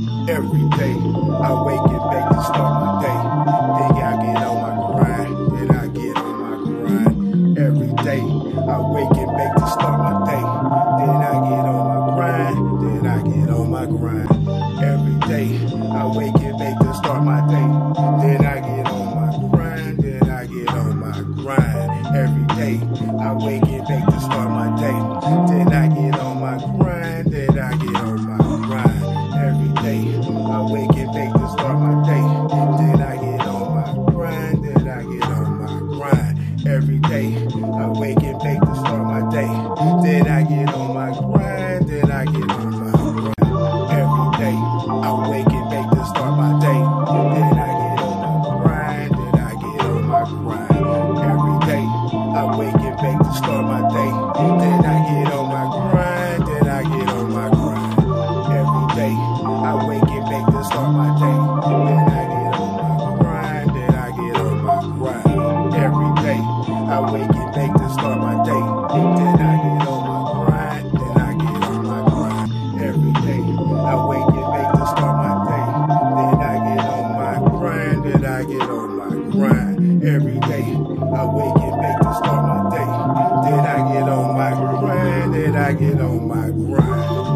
Every day I wake and make to start my day. Then I get on my grind, then I get on my grind. Every day I wake and make to start my day. Then I get on my grind, then I get on my grind. Every day I wake and make to start my day. Then I get on my grind, then I get on my grind. Every day I wake and make to start my day. Then I get every day. I wake and bake to start my day. Then I get on my grind, then I get on my grind every day. I wake and bake to start my day. Then I get on my grind, then I get on my grind every day. I wake and bake to start my day. Then I get on my grind. I wake and make to start my day. Then I get on my grind, then I get on my grind every day. I wake and make to start my day. Then I get on my grind, then I get on my grind every day. I wake and make to start my day. Then I get on my grind, then I get on my grind.